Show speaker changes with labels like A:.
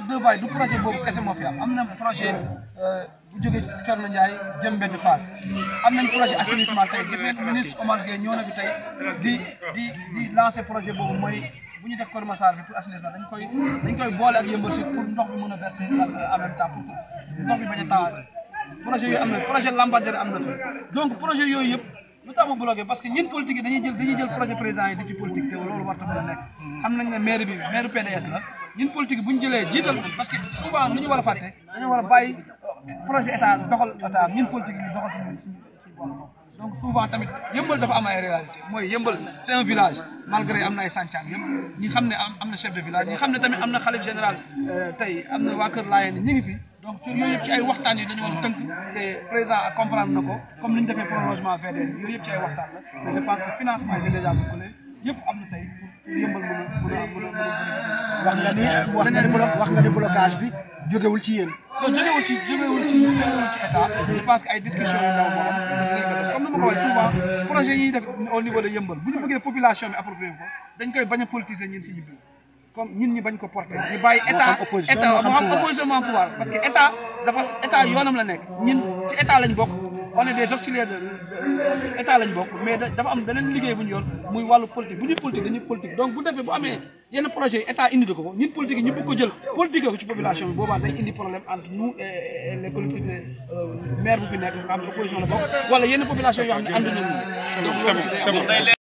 A: Patte d'Oie du projet boobu kese moo fi am am na projet euh, bu jógee Thierno Ndiaye jëm benn phase am nañ projet assainissement tey gis ministre Omar Gueye ñëw na fi tey di di di projet boobu mooy bu ñu def Kër Massar bi pour assainissement dañ koy koy boole ak Yeumbeul Sud pour ndox bi mën a verser en même temps pour ndox bi bañ a tawaat am na projet Lampadaire am na fi donc projet yooyu yëpp lu tax mu bloqué parce que ñun politique yi dañuy jël dañuy jël projet président a nekk. xam la. ñun politique bu ñu jëlee jiital ko parce que souvent lu ñu war a fàtte dañoo war a bàyyi projet état doxal état ñun politique yi doxal suñu suñu bopp donc souvent tamit yëmbal dafa ay réalité mooy yëmbal c'est un village malgré am na ay sàncaan yëpp ñi xam ne am na chef de village ñi xam ne tamit am na xalif général euh, tey am na waa Kër Laayeen ñi ngi fi donc ci yooyu yëpp ci ay na ko comme ni ñu defee prolongement VDN yooyu yëpp ci ay waxtaan la mais je pense que financement yi c'est déjà bouclé yëpp am na tey pour yëmbal mën a mën wax nga ni wax nga ni wax nga ni blocage bi ci yéen. non jógewul ci jógewul ci ci état je que ay discussions yu ndaw moo am comme ni ma ko waxee souvent projet yi def au niveau de Yëmbal bu ñu bëggee population bi approprié ko dañ koy bañ a politiser ñun suñu comme ñun ñi bañ ko porté ñu bàyyi état état moo xam parce que état dafa état yoonam la nekk ñun ci état lañ bokk. on est des auxiliaires de état lañ bokk mais dafa am beneen liggéey bu ñu yoon muy wàllu politique bu ñuy politique dañuy politique donc bu defee bu amee yenn projet yi état indi ko ko ñun politique yi ñu bëgg ko jël politique ko ci population indi problème entre nous et les collectivités euh, bu fi nekk nga xam la bokk wala yenn population yoo xam ne ànduñu donc